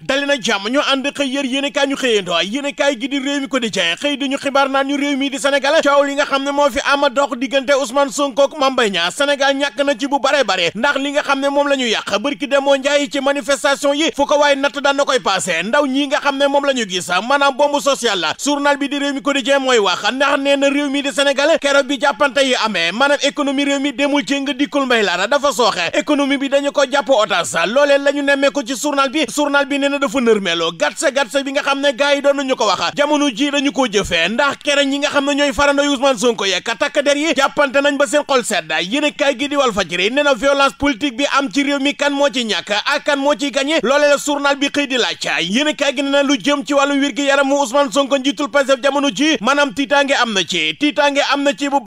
dali na jàmm ñu ànd xëy ka yéenekaay ñu xëyando yéenekaay gi di réew mi ko di jen xëy dañu xibaar naan ñu réew mi di Sénégal coow li nga xam ne moo fi ama dox diggante Ousmane Sonko ak Mame Mbaye Niang Sénégal ñàkk na ci bu bare bare ndax li nga xam ne moom la ñu yàq bërki demoo njaay ci yi fu ko waaye natt daan na koy passé ndaw ñi nga xam ne moom la ñu sa maanaam bombe sociale la journal bi di réew mi ko di jen mooy wax ndax nee na réew mi di Sénégal keroog bi jàppante yi amee maanaam économie réew mi demul ci nga dikkul mbay laara dafa sooxe économie bi dañu ko jàpp otage loolee la ñu nemmee ko ci journal bi journal bi na dafa nërmeeloo gatsa gatsa bi nga xam ne gars yi doon ko wax jamono ji dañu ko jëfee ndax kereñ yi nga xam ne ñooy farandooy Ousmane Sonko yekk takk der yi jàppante nañ ba seen xol sedda yéen kaay gi di Walf Fadjri na violence politique bi am ci mi kan moo ci ñàkk kan moo ciy loole la journal bi xëy di laajcaay yéen kaay gi nee na lu jëm ci wàllu wér yaramu Ousmane Sonko njiitul Pastef jamono ji maanaam tiitaange am na ci tiitaange am na ci bu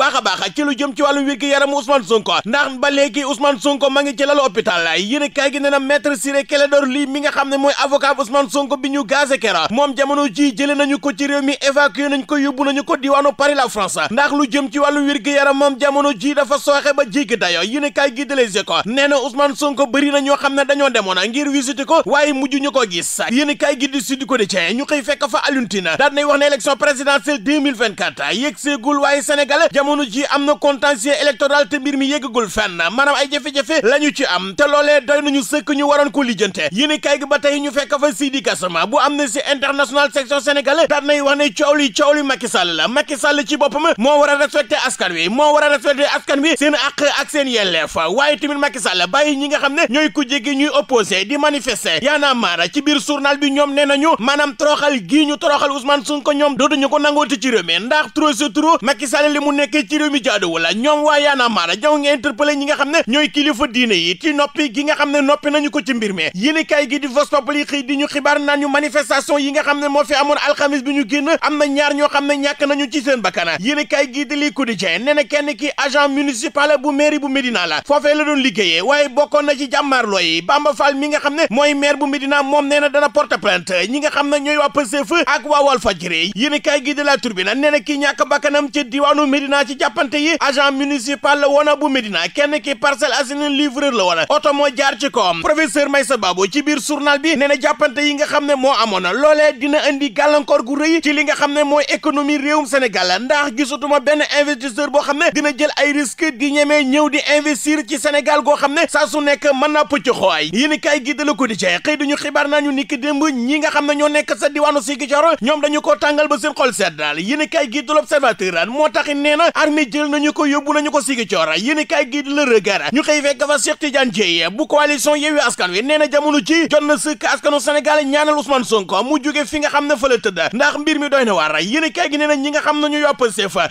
avocat Ousmane Sonko bi ñu gazé kera moom jamono ji jëlee nañu ko ci réew mi évacué nañ ko yóbbu nañu ko diwaanu Paris la France ndax lu jëm ci wàllu wér gi yaram moom jamono ji dafa sooxe ba jéggi dayo yéen kaay gi de Les Échos nee na Ousmane Sonko bëri xam ne dañoo demoon ngir visiter ko waaye mujj ñu ko gis yéen kaay gi di Sud Quotidien ñu xëy fekk fa Alioune Tine nay wax na contentieux électoral te mbir mi yeggagul fenn maanaam ay jafe-jafe la ñu ci am te ko lijjante yéen kaay gi fekk fa Sidi Gassama bu Amnesty International section sénégalais daal nay wax ne coow li coow li Macky Sall la Macky Sall ci boppam moo war a respecté askan wi moo war a respecté askan wi seen àq ak seen yelleef waaye tamit Macky Sall bàyyi ñi nga xam ne ñooy ku jéggi ñuy opposé di manifester yaana maara ci biir journal bi ñoom nee nañu maanaam toroxal gii ñu toroxal Ousmane Sonko ñoom dootuñu ko nangooti ci réew mi ndax trop c'est trop Macky li mu nekkee ci réew mi jaaduwul la ñoom waa yaana maara ñoo ngi ñi nga xam ne ñooy kilifa diine yi ci noppi gi nga xam ne noppi nañu ko ci mbir mi yéen kay gi di vox xëy di ñu xibaar na ñu manifestation yi nga xam ne moo fi amoon alxamis bi ñu génn am na ñaar ñoo xam ne ñàkk nañu ci seen bakkana yéen kay gii di lii quotidien nee na kenn ki agent municipal bu mairie bu Médina la foofee la doon liggéeyee waaye bokkoon na ci jàmmaarloo yi Bamba Fall mi nga xam ne mooy maire bu Médina moom nee na dana porte plainte ñi nga xam ne ñooy waa Pastef ak waa Walfadjri yéen kay gii di la Tribune nee na ki ñàkk bakkanam ci diwaanu Médina ci jàppante yi agent municipal la woona bu Médina kenn ki Parcelles Assainies livreur la woona moo jaar ci koom professeur Maïssa Babou ci biir journal bi ne jàppante yi nga xam ne moo amoon loolee dina indi gàllankoor gu rëy ci li nga xam ne mooy économie réewum Sénégal ndax gisatuma benn investisseur boo xam ne dina jël ay risque di ñemee ñëw di investir ci Sénégal goo xam ne saa su nekk mën naa pëcc xooy yéen kaay gi de ko di cee xëy duñu xibaar naa ñu niki démb ñi nga xam ne ñoo nekk sa diwaanu Ziguinchor ñoom dañu ko tàngal ba seen xol sedd daal yéen kaay gi de l'Observateur moo tax nee na armée jël nañu ko yóbbu nañu ko Ziguinchor yéen kaay gi de ñu xëy fekk fa Cheikh Tidiane Dieye bu coalition Yewwi Askan Wi nee na jamono ci jot na sëkk askanu Sénégal ñaanal Ousmane Sonko mu jóge fi nga xam ne fa ndax mbir mi doy na waar yéen kay gi nee ñi nga xam ne ñu yopp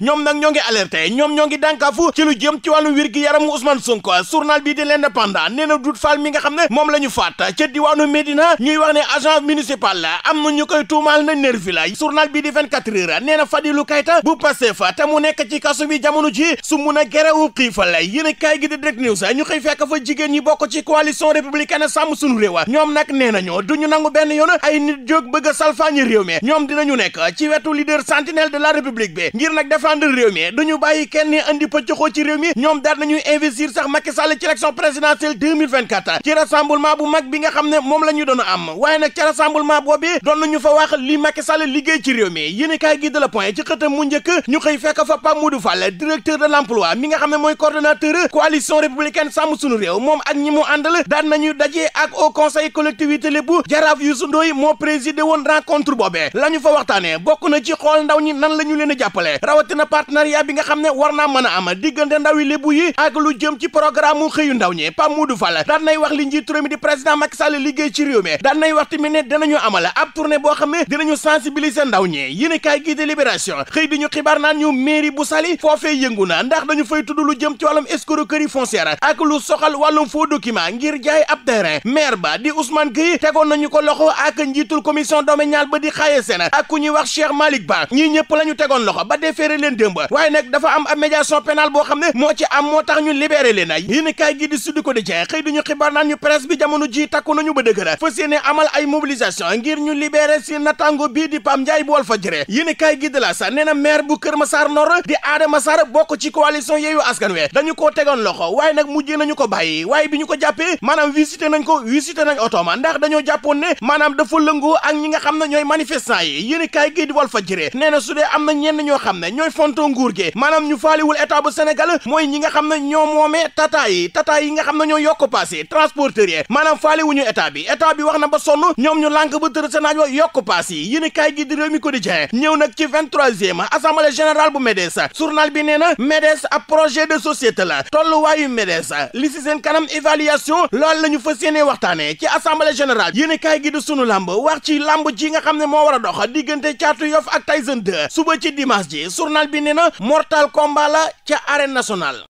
ñoom nag ñoo ngi alerté ñoom ñoo ngi dànkaafu ci lu jëm ci wàllu wér gi yaramu Ousmane Sonko journal bii di l'Indépendant nee na Doudou Fall mi nga xam ne moom lañu ñu faat diwaanu Médina ñuy wax ne agent municipal la am na ñu koy tuumaal na nervi la journal bii di 24 heures nee na Fadilou Keita bu Pastef te mu nekk ci kaso ji su mun a gerewu xiifal yéen kay gi di Direct News ñu xëy fekk fa jigéen ñi bokk ci coalition républicaine sàmm sunu réew ñoom nag nee nañu du ñu nangu benn yoon ay ni nit jóg bëgg a salfaañi réew mi ñoom dinañu nekk ci wetu leader sentinelle de la république bi ngir nag défendre réew mi du ñu bàyyi kenn andi pëccëxoo ci réew mi ñoom daal nañuy investir sax Macky Sall ci élection présidentielle 2024 ci rassemblement bu mag bi nga xam ne moom la ñu doon am waaye nag ci rassemblement boobu doon nañu fa wax li Macky Sall liggéey ci réew mi yéen kaay gi de la point ci xëtam mu njëkk ñu xëy fekk fa Pape Modou Fall directeur de l'emploi mi nga xam ne mooy coordonnateur coalition républicaine sàmm sunu réew moom ak ñi mu àndal lépp jaraaf Youssou Ndoye moo présidé woon rencontre boobee la ñu fa waxtaanee bokk ci xool ndaw ñi nan la ñu leen a jàppale rawatina partenariat bi nga xam ne war naa mën a am diggante ndaw yi lébu yi ak lu jëm ci programme mu xëyu ndaw ñi Pape Modou Fall daan wax li njiitu réew mi di président Macky Sall liggéey ci réew mi daan nay wax tamit ne dinañu amale ab tournée boo xam ne dinañu sensibiliser ndaw ñi yéen kaay gi de libération xëy di ñu xibaar naan ñu mairie bu Saly foofee yëngu na ndax dañu fay tudd lu jëm ci wàllum escroquerie foncière ak lu soxal wàllum faux document ngir jaay ab terrain maire ba tegoon nañu ko loxo ak njiitul commission domaniale ba di xaaye seen ak ku ñuy wax Cheikh Malick Ba ñii ñëpp la tegoon loxo ba defeere leen démb waaye nag dafa am ab médiation pénale boo xam ne moo ci am moo tax ñu libéré leen ay yéen kaay gi di ko di cee xëy ñu xibaar naan ñu presse bi jamono ji takku nañu ba dëgëra fas yéene amal ay mobilisation ngir ñu libéré si natango bii di Pam Ndiaye bu Walfadjri yéen kaay gi de la sa nee na maire bu ko bàyyi waaye bi ñu ko jàppoon ne maanaam dafa lëngoo ak ñi nga xam ne ñooy manifestants yi yéen i kaay gi di Walf Fadjri nee na su dee am na ñenn ñoo xam ne ñooy fonto nguur gi maanaam ñu faaliwul état bu Sénégal mooy ñi nga xam ne ñoo moomee tata yi tata yi nga xam na ñoo yokk paas yi transporteurs yi maanaam faaliwuñu état bi état bi wax na ba sonn ñoom ñu lànk ba tërë sanaaj yokk paas yi yéen i kaay gi di Rewmi Quotidien ñëw na ci vingt-troisième assemblée générale bu MEDES journal bi nee na MEDES ab projet de société la tolluwaayu MEDES li si seen kanam évaluation loolu la ñu fas yéene waxtaane ci assemblée générale yéen kaay gi di sunu làmb wax ci làmb ji nga xam ne moo war a dox diggante caatu yof ak Tyson 2 suba ci dimanche ji journal bi nee na mortal combat la ca arène nationale